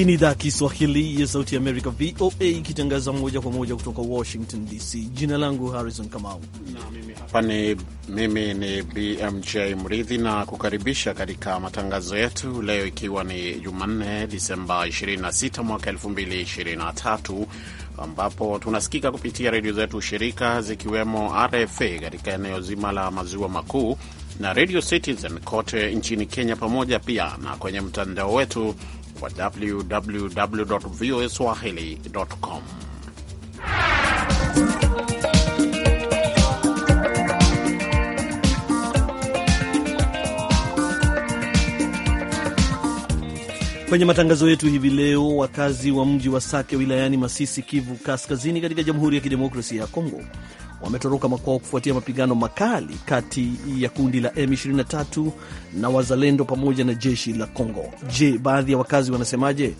Hii ni idhaa Kiswahili ya Sauti Amerika, VOA, ikitangaza moja kwa moja kutoka Washington DC. Jina langu Harrison Kamau na hapa ni mimi ni BMJ Mridhi na kukaribisha katika matangazo yetu leo, ikiwa ni Jumanne Disemba 26 mwaka 2023 ambapo tunasikika kupitia redio zetu shirika zikiwemo RFA katika eneo zima la maziwa makuu na Radio Citizen kote nchini Kenya, pamoja pia na kwenye mtandao wetu kwa www voa swahili com. Kwenye matangazo yetu hivi leo, wakazi wa mji wa Sake wilayani Masisi, Kivu Kaskazini, katika Jamhuri ya Kidemokrasia ya Kongo wametoroka makwao kufuatia mapigano makali kati ya kundi la M23 na wazalendo pamoja na jeshi la congo Je, baadhi ya wakazi wanasemaje?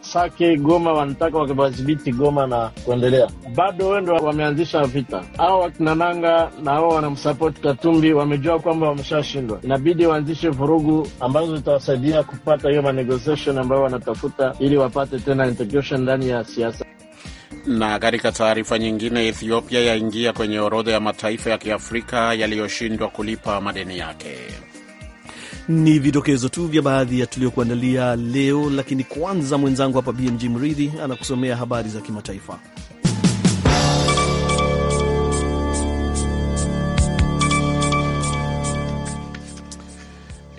Sake Goma wanataka wakiwadhibiti Goma na kuendelea, bado wendo wameanzisha vita. Hao wakinananga na hao wanamsapoti Katumbi wamejua kwamba wameshashindwa, inabidi waanzishe vurugu ambazo zitawasaidia kupata hiyo manegotiation ambayo wanatafuta ili wapate tena integration ndani ya siasa. Na katika taarifa nyingine, Ethiopia yaingia kwenye orodha ya mataifa ya Kiafrika yaliyoshindwa kulipa madeni yake. Ni vidokezo tu vya baadhi ya tuliyokuandalia leo, lakini kwanza, mwenzangu hapa BMG Mridhi anakusomea habari za kimataifa.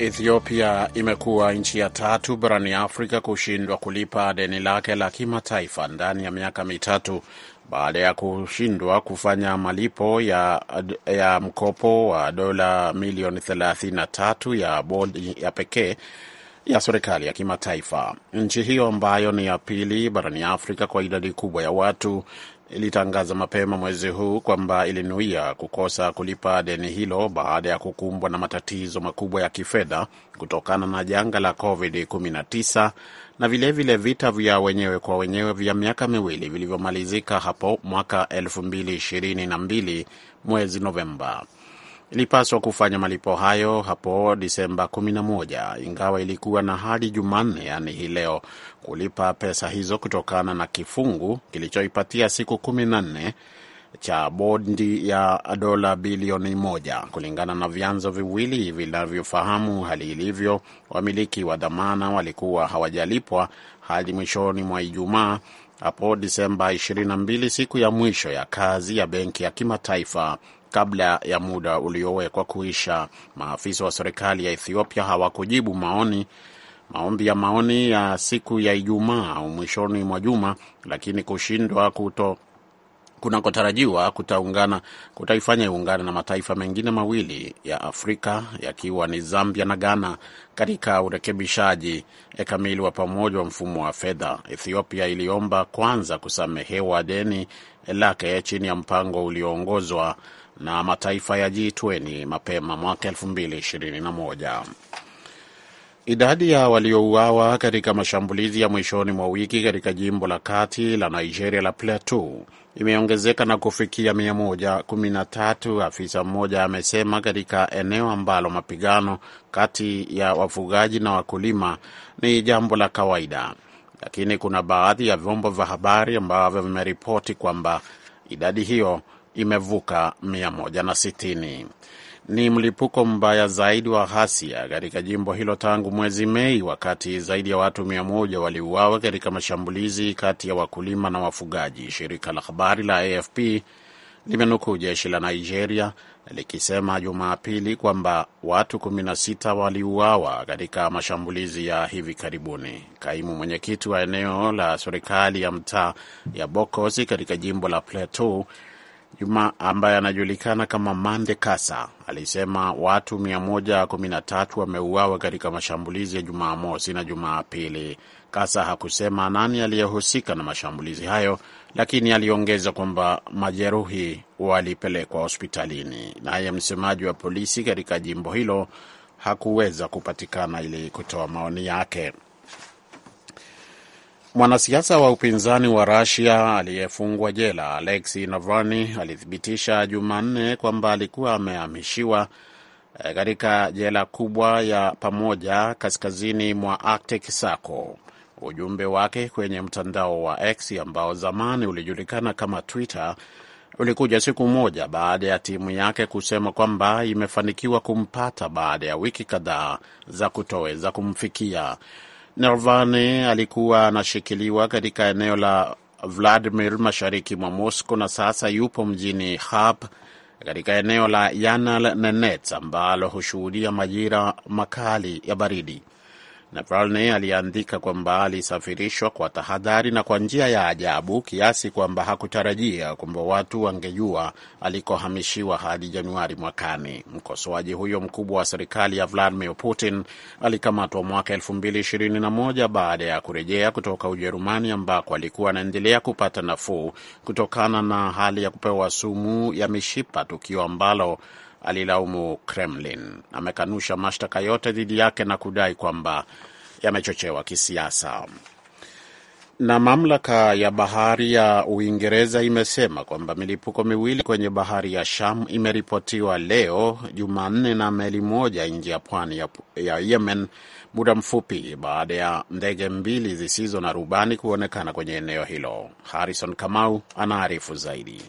Ethiopia imekuwa nchi ya tatu barani Afrika kushindwa kulipa deni lake la kimataifa ndani ya miaka mitatu baada ya kushindwa kufanya malipo ya, ya mkopo wa dola milioni 33 ya bodi ya pekee ya serikali ya kimataifa. Nchi hiyo ambayo ni ya pili barani Afrika kwa idadi kubwa ya watu ilitangaza mapema mwezi huu kwamba ilinuia kukosa kulipa deni hilo baada ya kukumbwa na matatizo makubwa ya kifedha kutokana na janga la COVID-19 na vilevile vile vita vya wenyewe kwa wenyewe vya miaka miwili vilivyomalizika hapo mwaka 2022 mwezi Novemba ilipaswa kufanya malipo hayo hapo Disemba 11 ingawa ilikuwa na hadi Jumanne, yaani hii leo, kulipa pesa hizo kutokana na kifungu kilichoipatia siku 14 cha bodi ya dola bilioni moja, kulingana na vyanzo viwili vinavyofahamu hali ilivyo. Wamiliki wa dhamana walikuwa hawajalipwa hadi mwishoni mwa Ijumaa hapo Disemba 22, siku ya mwisho ya kazi ya Benki ya Kimataifa kabla ya muda uliowekwa kuisha. Maafisa wa serikali ya Ethiopia hawakujibu maoni maombi ya maoni ya siku ya Ijumaa au mwishoni mwa juma, lakini kushindwa kuto kunakotarajiwa kutaungana kutaifanya iungane na mataifa mengine mawili ya Afrika yakiwa ni Zambia na Ghana katika urekebishaji e, kamili wa pamoja wa mfumo wa fedha. Ethiopia iliomba kwanza kusamehewa deni lake chini ya mpango ulioongozwa na mataifa ya G20 mapema mwaka 2021. Idadi ya waliouawa katika mashambulizi ya mwishoni mwa wiki katika jimbo la kati la Nigeria la Plateau imeongezeka na kufikia 113, afisa mmoja amesema, katika eneo ambalo mapigano kati ya wafugaji na wakulima ni jambo la kawaida, lakini kuna baadhi ya vyombo vya habari ambavyo vimeripoti kwamba idadi hiyo imevuka 160. Ni mlipuko mbaya zaidi wa ghasia katika jimbo hilo tangu mwezi Mei, wakati zaidi ya watu 100 waliuawa katika mashambulizi kati ya wakulima na wafugaji. Shirika la habari la AFP limenukuu jeshi la Nigeria likisema Jumapili kwamba watu 16 waliuawa katika mashambulizi ya hivi karibuni. Kaimu mwenyekiti wa eneo la serikali ya mtaa ya Bokosi katika jimbo la Plateau Juma ambaye anajulikana kama Mande Kasa alisema watu 113 wameuawa katika mashambulizi ya Jumamosi na Jumapili. Kasa hakusema nani aliyehusika na mashambulizi hayo, lakini aliongeza kwamba majeruhi walipelekwa hospitalini. Naye msemaji wa polisi katika jimbo hilo hakuweza kupatikana ili kutoa maoni yake. Mwanasiasa wa upinzani wa Rusia aliyefungwa jela Alexi Navalny alithibitisha Jumanne kwamba alikuwa amehamishiwa eh, katika jela kubwa ya pamoja kaskazini mwa Arctic Circle. Ujumbe wake kwenye mtandao wa X ambao zamani ulijulikana kama Twitter ulikuja siku moja baada ya timu yake kusema kwamba imefanikiwa kumpata baada ya wiki kadhaa za kutoweza kumfikia. Navalny alikuwa anashikiliwa katika eneo la Vladimir mashariki mwa Moscow na sasa yupo mjini Kharkiv katika eneo la Yanal Nenets ambalo hushuhudia majira makali ya baridi. Navalny aliandika kwamba alisafirishwa kwa tahadhari na kwa njia ya ajabu kiasi kwamba hakutarajia kwamba watu wangejua alikohamishiwa hadi Januari mwakani. Mkosoaji huyo mkubwa wa serikali ya Vladimir Putin alikamatwa mwaka 2021 baada ya kurejea kutoka Ujerumani ambako alikuwa anaendelea kupata nafuu kutokana na hali ya kupewa sumu ya mishipa, tukio ambalo alilaumu Kremlin. Amekanusha mashtaka yote dhidi yake na kudai kwamba yamechochewa kisiasa. Na mamlaka ya bahari ya Uingereza imesema kwamba milipuko miwili kwenye bahari ya Sham imeripotiwa leo Jumanne na meli moja nje ya pwani ya Yemen, muda mfupi baada ya ndege mbili zisizo na rubani kuonekana kwenye eneo hilo. Harrison Kamau anaarifu zaidi.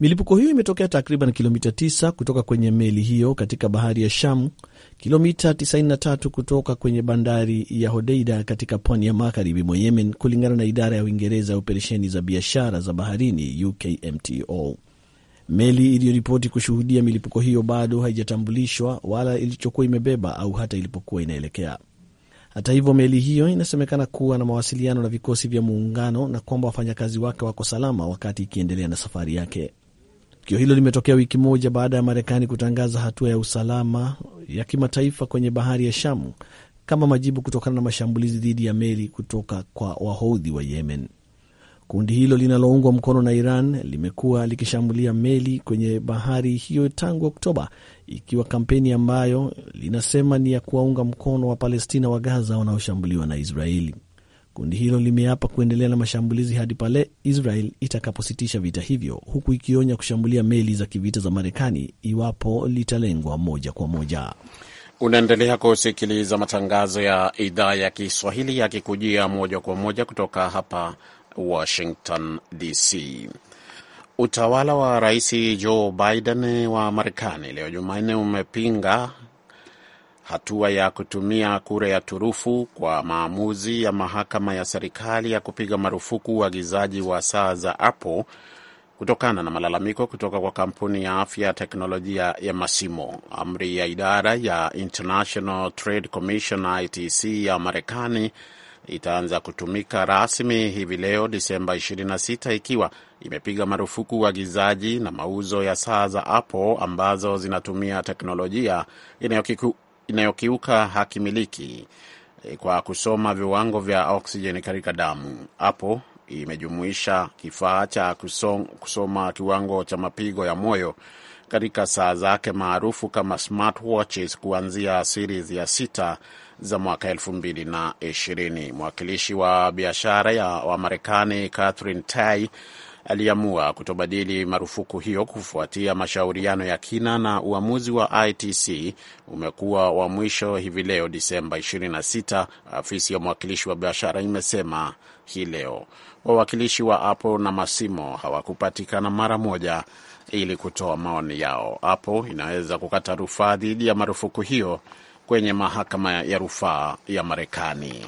Milipuko hiyo imetokea takriban kilomita 9 kutoka kwenye meli hiyo katika bahari ya Shamu, kilomita 93 kutoka kwenye bandari ya Hodeida katika pwani ya magharibi mwa Yemen, kulingana na idara ya Uingereza ya operesheni za biashara za baharini UKMTO. Meli iliyoripoti kushuhudia milipuko hiyo bado haijatambulishwa wala ilichokuwa imebeba au hata ilipokuwa inaelekea. Hata hivyo, meli hiyo inasemekana kuwa na mawasiliano na vikosi vya muungano na kwamba wafanyakazi wake wako salama wakati ikiendelea na safari yake. Tukio hilo limetokea wiki moja baada ya Marekani kutangaza hatua ya usalama ya kimataifa kwenye bahari ya Shamu kama majibu kutokana na mashambulizi dhidi ya meli kutoka kwa wahodhi wa Yemen. Kundi hilo linaloungwa mkono na Iran limekuwa likishambulia meli kwenye bahari hiyo tangu Oktoba, ikiwa kampeni ambayo linasema ni ya kuwaunga mkono wa Palestina wa Gaza wanaoshambuliwa na Israeli. Kundi hilo limeapa kuendelea na mashambulizi hadi pale Israel itakapositisha vita hivyo, huku ikionya kushambulia meli za kivita za Marekani iwapo litalengwa moja kwa moja. Unaendelea kusikiliza matangazo ya idhaa ya Kiswahili yakikujia moja kwa moja kutoka hapa Washington DC. Utawala wa Rais Joe Biden wa Marekani leo Jumanne umepinga hatua ya kutumia kura ya turufu kwa maamuzi ya mahakama ya serikali ya kupiga marufuku uagizaji wa, wa saa za Apple kutokana na malalamiko kutoka kwa kampuni ya afya ya teknolojia ya Masimo. Amri ya idara ya International Trade Commission ITC ya Marekani itaanza kutumika rasmi hivi leo Disemba 26 ikiwa imepiga marufuku uagizaji na mauzo ya saa za Apple ambazo zinatumia teknolojia inayokiuka hakimiliki eh, kwa kusoma viwango vya oksijeni katika damu. Hapo imejumuisha kifaa cha kusoma kiwango cha mapigo ya moyo katika saa zake maarufu kama smartwatches kuanzia series ya sita za mwaka elfu mbili na ishirini. Mwakilishi wa biashara ya Wamarekani Catherine Tai aliamua kutobadili marufuku hiyo kufuatia mashauriano ya kina, na uamuzi wa ITC umekuwa wa mwisho hivi leo Disemba 26, afisi ya mwakilishi wa biashara imesema hii leo. Wawakilishi wa Apple na Masimo hawakupatikana mara moja ili kutoa maoni yao. Apple inaweza kukata rufaa dhidi ya marufuku hiyo kwenye mahakama ya rufaa ya Marekani.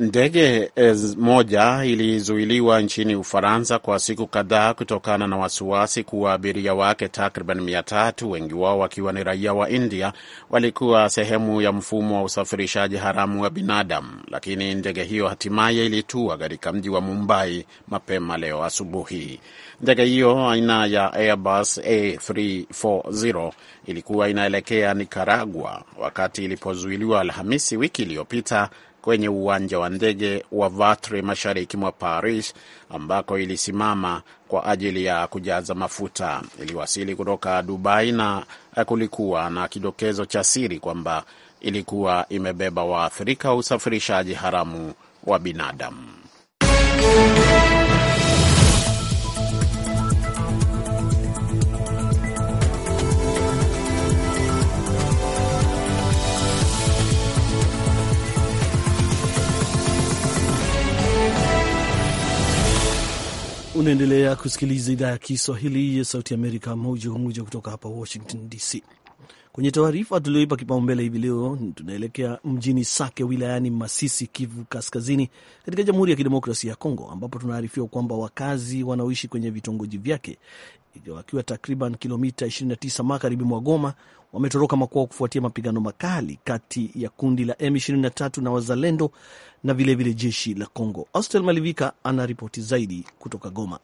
Ndege eh, moja ilizuiliwa nchini Ufaransa kwa siku kadhaa kutokana na wasiwasi kuwa abiria wake takriban mia tatu, wengi wao wakiwa ni raia wa India, walikuwa sehemu ya mfumo wa usafirishaji haramu wa binadamu. Lakini ndege hiyo hatimaye ilitua katika mji wa Mumbai mapema leo asubuhi. Ndege hiyo aina ya Airbus A340 ilikuwa inaelekea Nikaragua wakati ilipozuiliwa Alhamisi wiki iliyopita kwenye uwanja wa ndege wa Vatry mashariki mwa Paris, ambako ilisimama kwa ajili ya kujaza mafuta. Iliwasili kutoka Dubai na eh, kulikuwa na kidokezo cha siri kwamba ilikuwa imebeba waathirika wa usafirishaji haramu wa binadamu. Unaendelea kusikiliza idhaa ya Kiswahili ya Sauti Amerika moja kwa moja kutoka hapa Washington DC. Kwenye taarifa tulioipa kipaumbele hivi leo, tunaelekea mjini Sake wilayani Masisi, Kivu Kaskazini, katika Jamhuri ya Kidemokrasia ya Kongo, ambapo tunaarifiwa kwamba wakazi wanaoishi kwenye vitongoji vyake wakiwa takriban kilomita 29 magharibi mwa Goma, wametoroka makwao kufuatia mapigano makali kati ya kundi la M23 na wazalendo na vilevile vile jeshi la Congo. Austel Malivika ana ripoti zaidi kutoka Goma.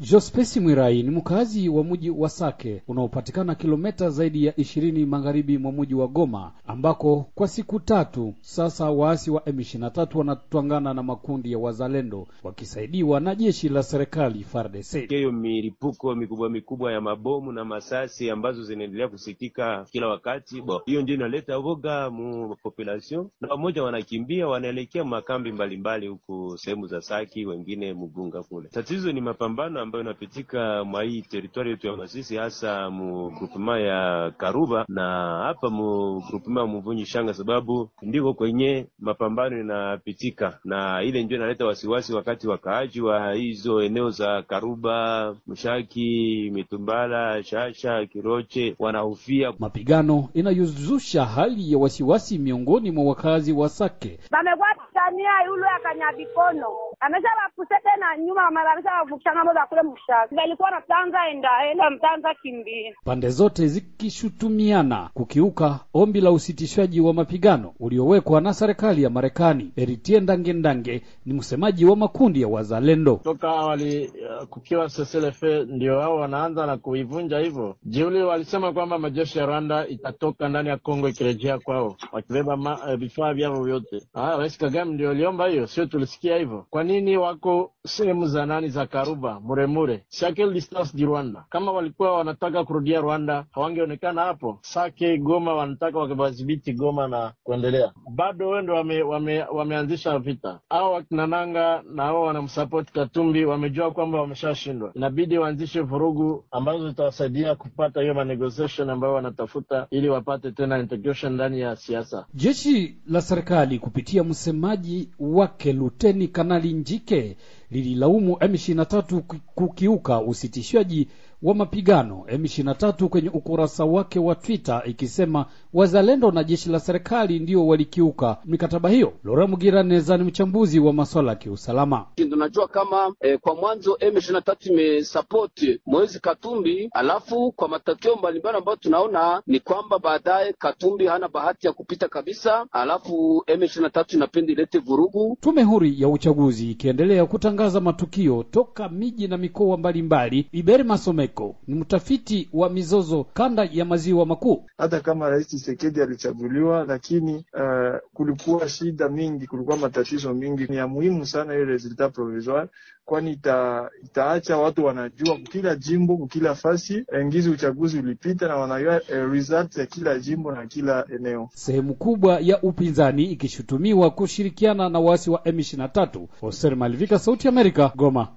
Jospesi Mwirai ni mkazi wa mji wa Sake unaopatikana kilomita zaidi ya ishirini magharibi mwa mji wa Goma, ambako kwa siku tatu sasa waasi wa M23 wanatwangana na makundi ya wazalendo wakisaidiwa na jeshi la serikali FARDC. Hiyo milipuko mikubwa mikubwa ya mabomu na masasi ambazo zinaendelea kusikika kila wakati, hiyo ndio inaleta voga mu population, na wamoja wanakimbia wanaelekea makambi mbalimbali huku sehemu za Saki, wengine Mugunga kule. Tatizo ni mapambano ambayo inapitika mwa hii teritwari yetu ya Masisi, hasa mu grupema ya Karuba na hapa mu grupema ya Muvunyi Shanga, sababu ndiko kwenye mapambano inapitika, na ile ndio inaleta wasiwasi wakati wakaaji wa hizo eneo za Karuba, Mshaki, Mitumbala, Shasha, Kiroche wanahofia mapigano inayozusha hali ya wasiwasi miongoni mwa wakazi wa Sake. Bamekuwa tania yule akanyabikono amesha wapuse tena nyuma, mara amesha wafukisha ngambo kule mshaka alikuwa tanza enda ela mtanza kimbia. Pande zote zikishutumiana kukiuka ombi la usitishaji wa mapigano uliowekwa na serikali ya Marekani. Eritie Ndangendange ni msemaji wa makundi ya wazalendo. Toka awali uh, kukiwa SSLF ndio wao wanaanza na kuivunja hivyo. Jiuli walisema kwamba majeshi ya Rwanda itatoka ndani ya Kongo ikirejea kwao wakibeba uh, vifaa vyavo vyote. Ah, Rais Kagame ndio aliomba hiyo, sio tulisikia hivyo. Kwa nini wako sehemu za nani za Karuba mure mure Sake distance di Rwanda. Kama walikuwa wanataka kurudia Rwanda hawangeonekana hapo. Sake Goma wanataka wakiwadhibiti Goma na kuendelea, bado wendo wame, wame, wameanzisha vita. Hao wakinananga na hao wanamsapoti Katumbi wamejua kwamba wameshashindwa, inabidi waanzishe vurugu ambazo zitawasaidia kupata hiyo manegotiation ambayo wanatafuta ili wapate tena integration ndani ya siasa. Jeshi la serikali kupitia msemaji wake Luteni Kanali Njike lililaumu M23 kukiuka usitishaji wa mapigano. M23 kwenye ukurasa wake wa Twitter ikisema wazalendo na jeshi la serikali ndio walikiuka mikataba hiyo. Lora neza ni mchambuzi wa masuala ya kiusalama. Tunajua kama eh, kwa mwanzo M23 imesapoti mwezi Katumbi, alafu kwa matokeo mbalimbali ambayo tunaona ni kwamba baadaye Katumbi hana bahati ya kupita kabisa, alafu M23 inapenda ilete vurugu. Tume huri ya uchaguzi ikiendelea kutangaza matukio toka miji na mikoa mbalimbali. Iberi Masomeko ni mtafiti wa mizozo kanda ya maziwa makuu. Hata kama rais Chisekedi alichaguliwa, lakini uh, kulikuwa shida mingi, kulikuwa matatizo mingi. Ni ya muhimu sana hiyo resultat provisoire, kwani ita, itaacha watu wanajua kila jimbo kila fasi ngizi uchaguzi ulipita na wanajua uh, eh, result ya kila jimbo na kila eneo. Sehemu kubwa ya upinzani ikishutumiwa kushirikiana na waasi wa M23. Hoser Malivika, Sauti ya Amerika, Goma.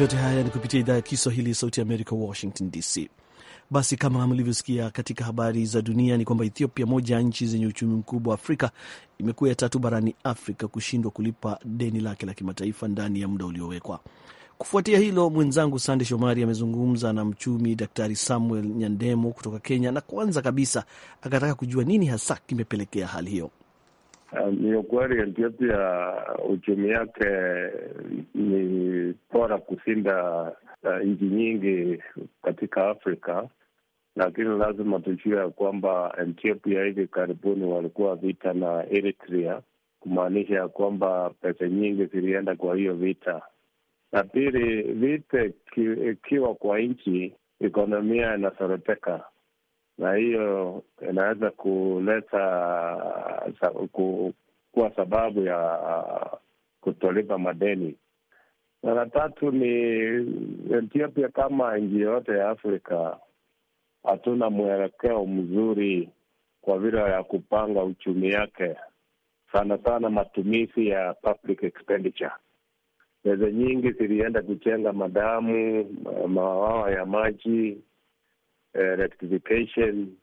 Yote haya ni kupitia idhaa ya Kiswahili ya Sauti ya Amerika, Washington DC. Basi kama mlivyosikia katika habari za dunia ni kwamba Ethiopia, moja ya nchi zenye uchumi mkubwa wa Afrika, imekuwa ya tatu barani Afrika kushindwa kulipa deni lake la kimataifa ndani ya muda uliowekwa. Kufuatia hilo, mwenzangu Sande Shomari amezungumza na mchumi Daktari Samuel Nyandemo kutoka Kenya, na kwanza kabisa akataka kujua nini hasa kimepelekea hali hiyo. Eh, ni ukweli Ethiopia uchumi yake ni bora kushinda uh, nchi nyingi katika Afrika, lakini lazima tujue ya kwamba Ethiopia hivi karibuni walikuwa vita na Eritrea, kumaanisha ya kwamba pesa nyingi zilienda kwa hiyo vita. Na pili, vita ikiwa kwa nchi, ekonomia inasoroteka na hiyo inaweza kuleta kuwa sababu ya kutolipa madeni. Na la tatu ni Ethiopia, kama nchi yoyote ya Afrika, hatuna mwelekeo mzuri kwa vile ya kupanga uchumi yake, sana sana matumizi ya public expenditure. Pesa nyingi zilienda kuchenga madamu, mawawa ya maji Eh, rectification,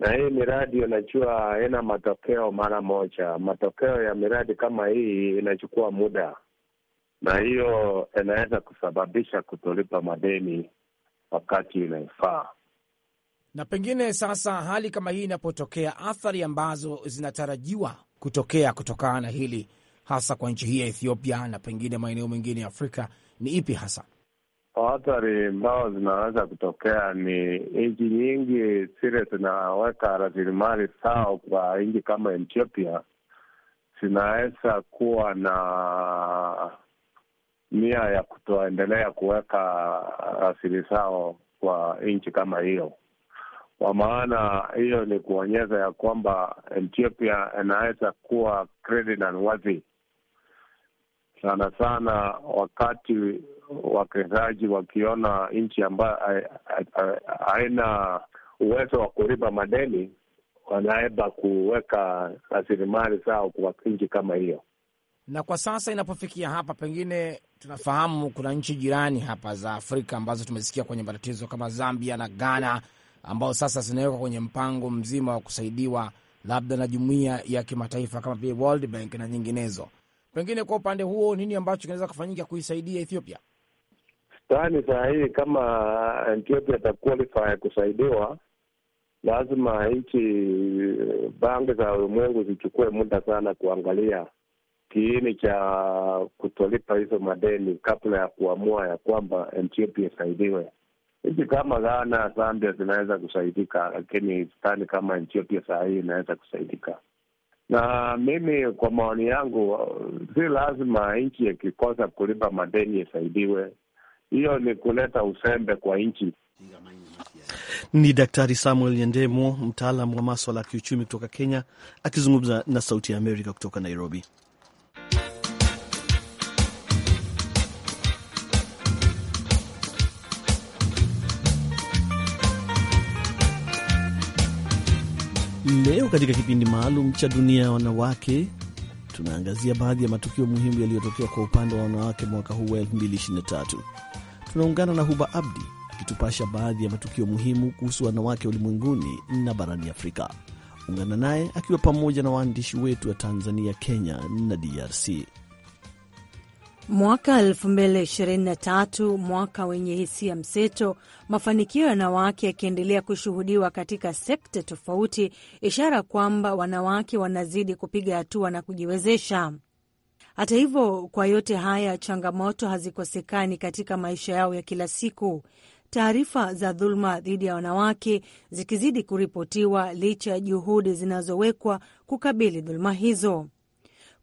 na hii miradi unajua haina matokeo mara moja. Matokeo ya miradi kama hii inachukua muda, na hiyo inaweza kusababisha kutolipa madeni wakati inayofaa. Na pengine sasa, hali kama hii inapotokea, athari ambazo zinatarajiwa kutokea kutokana na hili hasa kwa nchi hii ya Ethiopia na pengine maeneo mengine ya Afrika ni ipi hasa? athari ambazo zinaweza kutokea ni nchi nyingi zile zinaweka rasilimali zao kwa nchi kama Ethiopia zinaweza kuwa na nia ya kutoendelea kuweka asili zao kwa nchi kama hiyo, kwa maana hiyo ni kuonyesha ya kwamba Ethiopia inaweza kuwa credit sana sana wakati wawekezaji wakiona nchi ambayo haina uwezo wa kulipa madeni wanaeba kuweka rasilimali zao kwa nchi kama hiyo. Na kwa sasa inapofikia hapa, pengine tunafahamu kuna nchi jirani hapa za Afrika ambazo tumesikia kwenye matatizo kama Zambia na Ghana, ambao sasa zinawekwa kwenye mpango mzima wa kusaidiwa labda na jumuiya ya kimataifa kama vile World Bank na nyinginezo. Pengine kwa upande huo, nini ambacho kinaweza kufanyika kuisaidia Ethiopia? Tani saa hii kama Ethiopia itaqualify kusaidiwa, lazima nchi eh, banki za ulimwengu zichukue muda sana kuangalia kiini cha kutolipa hizo madeni kabla ya kuamua ya kwamba Ethiopia isaidiwe. Nchi kama Ghana, Zambia zinaweza kusaidika, lakini tani kama Ethiopia saa hii inaweza kusaidika. Na mimi kwa maoni yangu, si lazima nchi ikikosa kulipa madeni isaidiwe hiyo ni kuleta usembe kwa nchi. Ni Daktari Samuel nyendemo mtaalam wa maswala ya kiuchumi kutoka Kenya, akizungumza na Sauti ya Amerika kutoka Nairobi. Leo katika kipindi maalum cha Dunia ya Wanawake tunaangazia baadhi ya matukio muhimu yaliyotokea kwa upande wa wanawake mwaka huu wa 2023 tunaungana na Huba Abdi akitupasha baadhi ya matukio muhimu kuhusu wanawake ulimwenguni na barani Afrika. Ungana naye akiwa pamoja na waandishi wetu wa Tanzania, Kenya na DRC. Mwaka 2023 mwaka wenye hisia mseto, mafanikio ya wanawake yakiendelea kushuhudiwa katika sekta tofauti, ishara kwamba wanawake wanazidi kupiga hatua na kujiwezesha. Hata hivyo, kwa yote haya, changamoto hazikosekani katika maisha yao ya kila siku, taarifa za dhuluma dhidi ya wanawake zikizidi kuripotiwa licha ya juhudi zinazowekwa kukabili dhuluma hizo.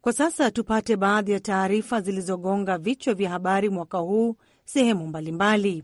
Kwa sasa tupate baadhi ya taarifa zilizogonga vichwa vya habari mwaka huu sehemu mbalimbali.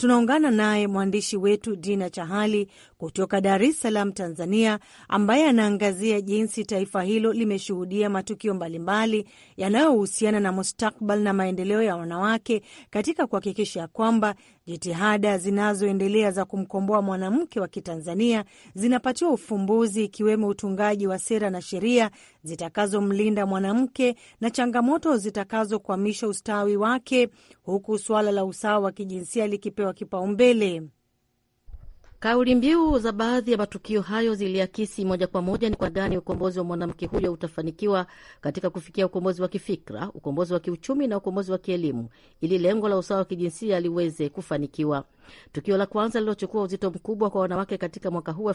Tunaungana naye mwandishi wetu Dina Chahali kutoka Dar es Salaam, Tanzania, ambaye anaangazia jinsi taifa hilo limeshuhudia matukio mbalimbali yanayohusiana na mustakbal na maendeleo ya wanawake katika kuhakikisha kwamba Jitihada zinazoendelea za kumkomboa mwanamke wa Kitanzania zinapatiwa ufumbuzi, ikiwemo utungaji wa sera na sheria zitakazomlinda mwanamke na changamoto zitakazokwamisha ustawi wake, huku suala la usawa wa kijinsia likipewa kipaumbele. Kauli mbiu za baadhi ya matukio hayo ziliakisi moja kwa moja ni kwa gani ukombozi wa mwanamke huyo utafanikiwa katika kufikia ukombozi wa kifikra, ukombozi wa kiuchumi na ukombozi wa kielimu, ili lengo la usawa wa kijinsia liweze kufanikiwa. Tukio la kwanza lililochukua uzito mkubwa kwa wanawake katika mwaka huu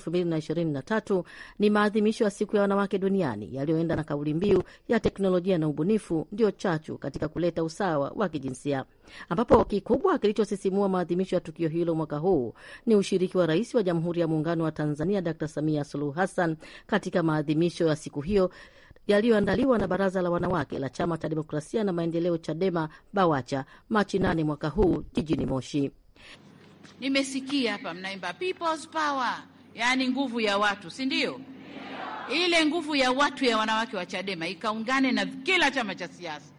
na tatu ni maadhimisho ya siku ya wanawake duniani yaliyoenda na kauli mbiu ya teknolojia na ubunifu ndio chachu katika kuleta usawa wa kijinsia, ambapo kikubwa kilichosisimua maadhimisho ya tukio hilo mwaka huu ni ushiriki wa Rais wa Jamhuri ya Muungano wa Tanzania Dr. Samia Suluhu Hassan katika maadhimisho ya siku hiyo yaliyoandaliwa na Baraza la Wanawake la Chama cha Demokrasia na Maendeleo, CHADEMA BAWACHA, Machi nane mwaka huu jijini Moshi. Nimesikia hapa mnaimba people's power, yaani nguvu ya watu, si ndio? Ile nguvu ya watu ya wanawake wa Chadema ikaungane na kila chama cha siasa,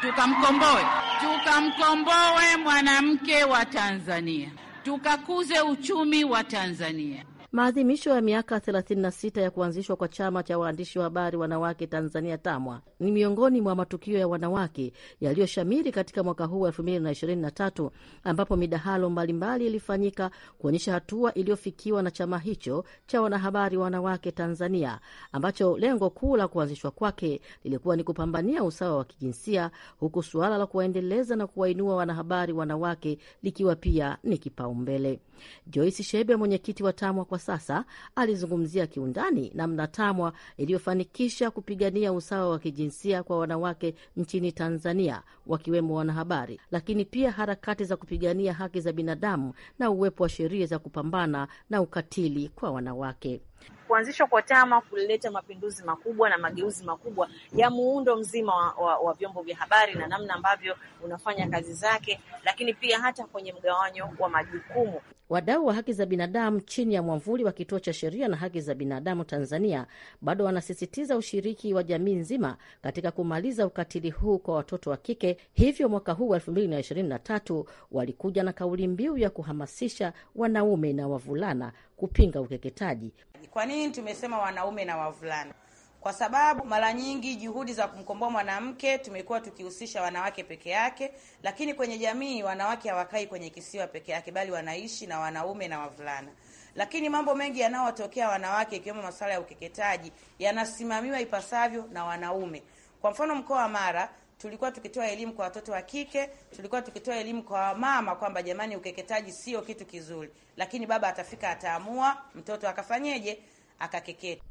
tukamkomboe, tukamkomboe mwanamke wa Tanzania, tukakuze uchumi wa Tanzania. Maadhimisho ya miaka 36 ya kuanzishwa kwa chama cha waandishi wa habari wanawake Tanzania, TAMWA, ni miongoni mwa matukio ya wanawake yaliyoshamiri katika mwaka huu wa 2023 ambapo midahalo mbalimbali ilifanyika kuonyesha hatua iliyofikiwa na chama hicho cha wanahabari wanawake Tanzania, ambacho lengo kuu la kuanzishwa kwake lilikuwa ni kupambania usawa wa kijinsia, huku suala la kuwaendeleza na kuwainua wanahabari wanawake likiwa pia ni kipaumbele. Joyce Shebe, mwenyekiti wa TAMWA kwa sasa alizungumzia kiundani namna TAMWA iliyofanikisha kupigania usawa wa kijinsia kwa wanawake nchini Tanzania, wakiwemo wanahabari, lakini pia harakati za kupigania haki za binadamu na uwepo wa sheria za kupambana na ukatili kwa wanawake. Kuanzishwa kwa TAMWA kulileta mapinduzi makubwa na mageuzi makubwa ya muundo mzima wa, wa, wa vyombo vya habari na namna ambavyo unafanya kazi zake, lakini pia hata kwenye mgawanyo wa majukumu. Wadau wa haki za binadamu chini ya mwamvuli wa Kituo cha Sheria na Haki za Binadamu Tanzania bado wanasisitiza ushiriki wa jamii nzima katika kumaliza ukatili huu kwa watoto wa kike. Hivyo mwaka huu wa 2023 walikuja na kauli mbiu ya kuhamasisha wanaume na wavulana kupinga ukeketaji. Kwa nini tumesema wanaume na wavulana? kwa sababu mara nyingi juhudi za kumkomboa mwanamke tumekuwa tukihusisha wanawake peke yake, lakini kwenye jamii wanawake hawakai kwenye kisiwa peke yake, bali wanaishi na wanaume na wavulana. Lakini mambo mengi yanayowatokea wanawake, ikiwemo masuala ya ukeketaji, yanasimamiwa ipasavyo na wanaume. Kwa mfano, mkoa wa Mara tulikuwa tukitoa elimu kwa watoto wa kike, tulikuwa tukitoa elimu kwa mama kwamba jamani, ukeketaji sio kitu kizuri, lakini baba atafika, ataamua mtoto akafanyeje, akakeketa.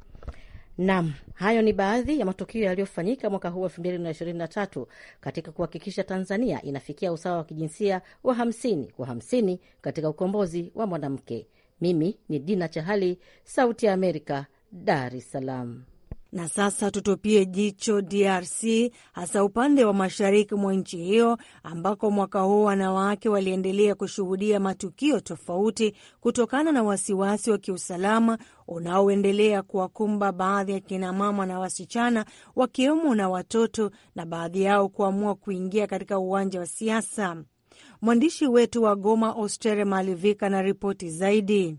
Nam, hayo ni baadhi ya matukio yaliyofanyika mwaka huu elfu mbili na ishirini na tatu katika kuhakikisha Tanzania inafikia usawa wa kijinsia wa hamsini kwa hamsini katika ukombozi wa mwanamke. Mimi ni Dina Chahali, Sauti ya Amerika, Dar es Salaam. Na sasa tutupie jicho DRC, hasa upande wa mashariki mwa nchi hiyo ambako mwaka huu wanawake waliendelea kushuhudia matukio tofauti kutokana na wasiwasi wa kiusalama unaoendelea kuwakumba baadhi ya kinamama na wasichana wakiwemo na watoto, na baadhi yao kuamua kuingia katika uwanja wa siasa. Mwandishi wetu wa Goma, Ostere Malivika, na ripoti zaidi.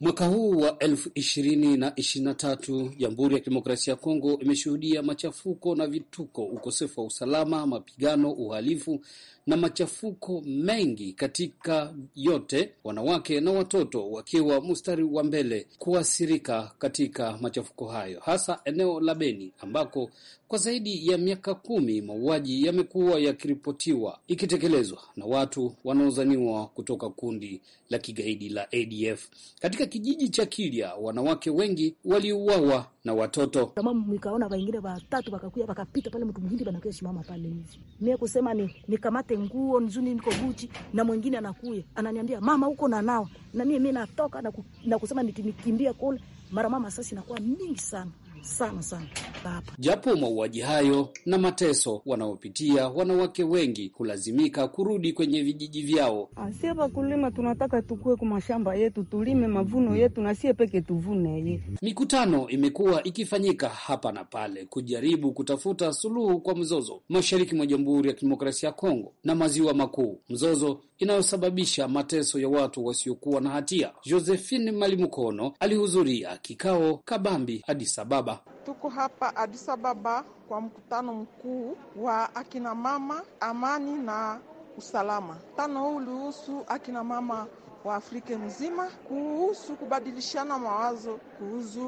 Mwaka huu wa elfu ishirini na ishirini na tatu Jamhuri ya Kidemokrasia ya Kongo imeshuhudia machafuko na vituko, ukosefu wa usalama, mapigano, uhalifu na machafuko mengi. Katika yote, wanawake na watoto wakiwa mstari wa mbele kuathirika katika machafuko hayo, hasa eneo la Beni ambako kwa zaidi ya miaka kumi mauaji yamekuwa yakiripotiwa ikitekelezwa na watu wanaozaniwa kutoka kundi la kigaidi la ADF katika kijiji cha Kilya wanawake wengi waliuawa na watoto. Mama nikaona wengine watatu wakakuya wakapita pale, mtu mwingine anakuya simama pale hivi, mimi kusema ni nikamate nguo nzuni, niko Gucci, na mwingine anakuya ananiambia mama, huko na nao na mimi mimi natoka na, ku, na kusema nikimbia kule mara mama, sasa inakuwa mingi sana sana sana hapa. Japo mauaji hayo na mateso wanaopitia wanawake wengi hulazimika kurudi kwenye vijiji vyao. Ah, sie wakulima tunataka tukue kwa mashamba yetu, tulime mavuno yetu na sie peke tuvune ye. Mikutano imekuwa ikifanyika hapa na pale kujaribu kutafuta suluhu kwa mzozo mashariki mwa Jamhuri ya Kidemokrasia ya Kongo na Maziwa Makuu, mzozo inayosababisha mateso ya watu wasiokuwa na hatia. Josephine Malimukono alihudhuria kikao kabambi Addis Ababa tuko hapa Addis Ababa kwa mkutano mkuu wa akinamama, amani na usalama. Mkutano huu ulihusu akinamama wa Afrika mzima kuhusu kubadilishana mawazo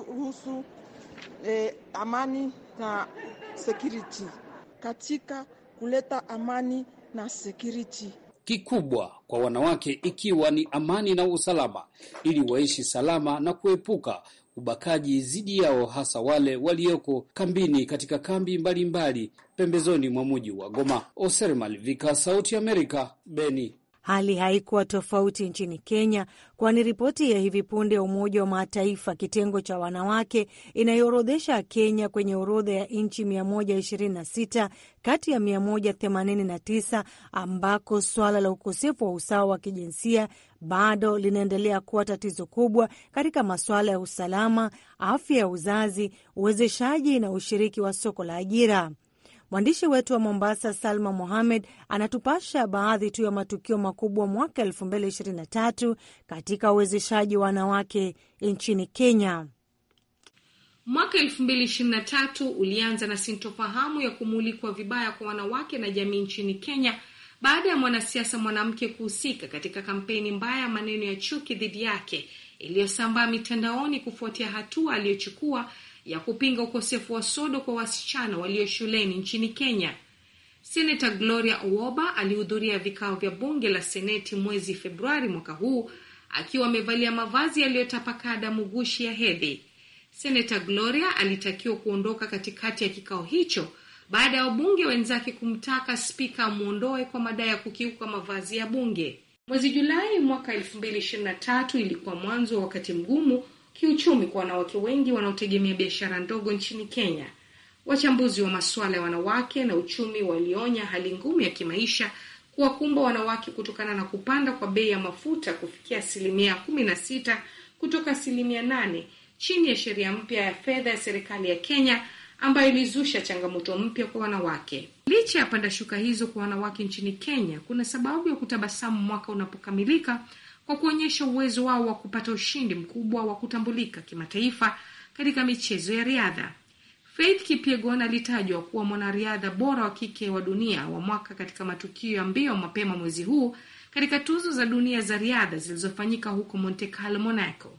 kuhusu eh, amani na security katika kuleta amani na security kikubwa kwa wanawake ikiwa ni amani na usalama, ili waishi salama na kuepuka ubakaji dhidi yao hasa wale walioko kambini katika kambi mbalimbali mbali, pembezoni mwa mji wa Goma. Oser Malivika, Sauti ya Amerika, Beni. Hali haikuwa tofauti nchini Kenya, kwani ripoti ya hivi punde ya Umoja wa Mataifa kitengo cha wanawake inayoorodhesha Kenya kwenye orodha ya nchi 126 kati ya 189 ambako swala la ukosefu wa usawa wa kijinsia bado linaendelea kuwa tatizo kubwa katika masuala ya usalama, afya ya uzazi, uwezeshaji na ushiriki wa soko la ajira. Mwandishi wetu wa Mombasa, Salma Mohamed, anatupasha baadhi tu ya matukio makubwa mwaka 2023 katika uwezeshaji wa wanawake nchini Kenya. Mwaka 2023 ulianza na sintofahamu ya kumulikwa vibaya kwa wanawake na jamii nchini Kenya baada ya mwanasiasa mwanamke kuhusika katika kampeni mbaya ya maneno ya chuki dhidi yake iliyosambaa mitandaoni kufuatia hatua aliyochukua ya kupinga ukosefu wa sodo kwa wasichana walio shuleni nchini Kenya. Senata Gloria Owoba alihudhuria vikao vya bunge la Seneti mwezi Februari mwaka huu akiwa amevalia mavazi yaliyotapakaa damu gushi ya hedhi. Senata Gloria alitakiwa kuondoka katikati ya kikao hicho baada ya wabunge wenzake kumtaka spika amwondoe kwa madai ya kukiuka mavazi ya bunge. Mwezi Julai mwaka 2023 ilikuwa mwanzo wa wakati mgumu kiuchumi kwa wanawake wengi wanaotegemea biashara ndogo nchini Kenya. Wachambuzi wa masuala ya wanawake na uchumi walionya hali ngumu ya kimaisha kuwakumba wanawake kutokana na kupanda kwa bei ya mafuta kufikia asilimia kumi na sita kutoka asilimia nane chini ya sheria mpya ya fedha ya serikali ya Kenya ambayo ilizusha changamoto mpya kwa wanawake. Licha ya panda shuka hizo kwa wanawake nchini Kenya, kuna sababu ya kutabasamu mwaka unapokamilika, kwa kuonyesha uwezo wao wa kupata ushindi mkubwa wa kutambulika kimataifa katika michezo ya riadha. Faith Kipyegon alitajwa kuwa mwanariadha bora wa kike wa dunia wa mwaka katika matukio ya mbio mapema mwezi huu katika tuzo za dunia za riadha zilizofanyika huko Monte Carlo, Monaco.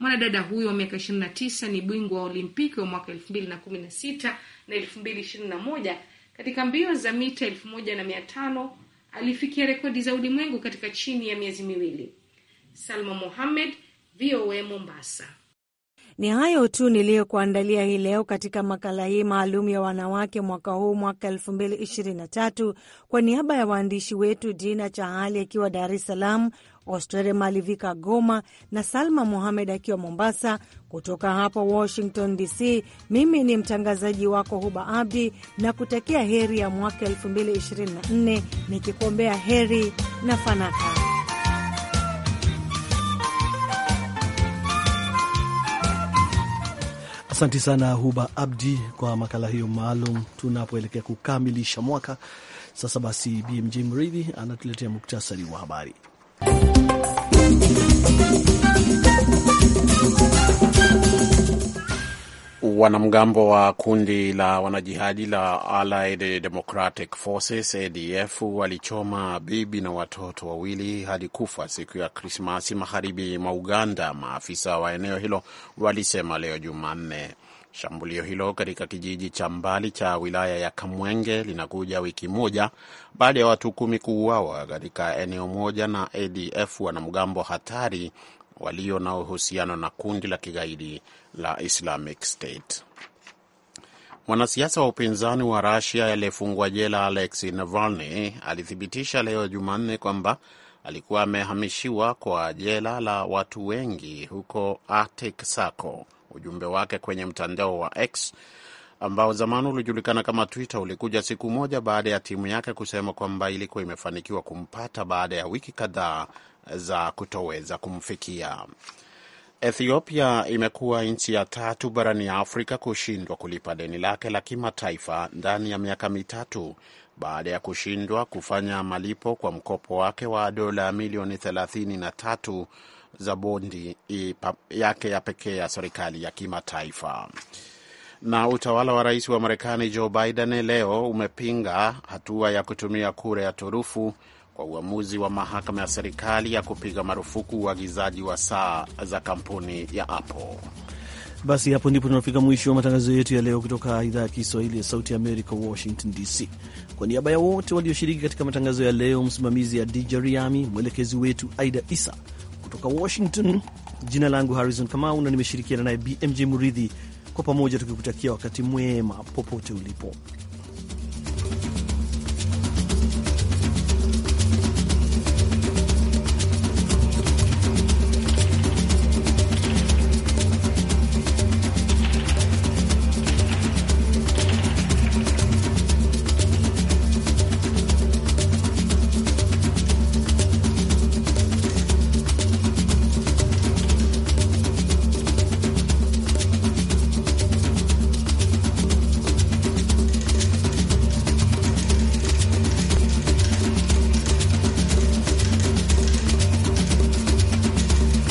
Mwanadada huyo wa miaka 29 ni bingwa wa Olimpiki wa mwaka 2016 na 2021 katika mbio za mita 1500. Alifikia rekodi za ulimwengu katika chini ya miezi miwili. Salma Mohamed, VOA Mombasa. Ni hayo tu niliyokuandalia hii leo katika makala hii maalum ya wanawake mwaka huu mwaka tatu. Kwa niaba ya waandishi wetu Dina Chahali akiwa Dar es Salaam, Australia Malivika Goma na Salma Mohamed akiwa Mombasa. Kutoka hapa Washington DC, mimi ni mtangazaji wako Huba Abdi na kutakia heri ya mwaka nne nikikuombea heri na fanaka. Asante sana Huba Abdi kwa makala hiyo maalum tunapoelekea kukamilisha mwaka. Sasa basi, BMJ Mridhi anatuletea muktasari wa habari wanamgambo wa kundi la wanajihadi la Allied Democratic Forces ADF walichoma bibi na watoto wawili hadi kufa siku ya Krismasi magharibi mwa Uganda, maafisa wa eneo hilo walisema leo Jumanne. Shambulio hilo katika kijiji cha mbali cha wilaya ya Kamwenge linakuja wiki moja baada ya watu kumi kuuawa katika eneo moja na ADF, wanamgambo hatari walio na uhusiano na kundi la kigaidi la Islamic State. Mwanasiasa wa upinzani wa Rasia aliyefungwa jela Alexei Navalny alithibitisha leo Jumanne kwamba alikuwa amehamishiwa kwa jela la watu wengi huko Arctic Circle. Ujumbe wake kwenye mtandao wa X ambao zamani ulijulikana kama Twitter ulikuja siku moja baada ya timu yake kusema kwamba ilikuwa imefanikiwa kumpata baada ya wiki kadhaa za kutoweza kumfikia. Ethiopia imekuwa nchi ya tatu barani ya Afrika kushindwa kulipa deni lake la kimataifa ndani ya miaka mitatu baada ya kushindwa kufanya malipo kwa mkopo wake wa dola milioni 33 za bondi yake ya pekee ya serikali ya kimataifa. Na utawala wa rais wa Marekani Joe Biden leo umepinga hatua ya kutumia kura ya turufu kwa uamuzi wa mahakama ya serikali ya kupiga marufuku uagizaji wa, wa saa za kampuni ya Apple. Basi hapo ndipo tunafika mwisho wa matangazo yetu ya leo kutoka idhaa ya Kiswahili ya Sauti ya Amerika, Washington DC. Kwa niaba ya wote walioshiriki katika matangazo ya leo, msimamizi ya DJ Riami, mwelekezi wetu Aida Isa kutoka Washington. Jina langu Harrison Kamau na nimeshirikiana naye BMJ Muridhi. Kwa pamoja tukikutakia wakati mwema popote ulipo.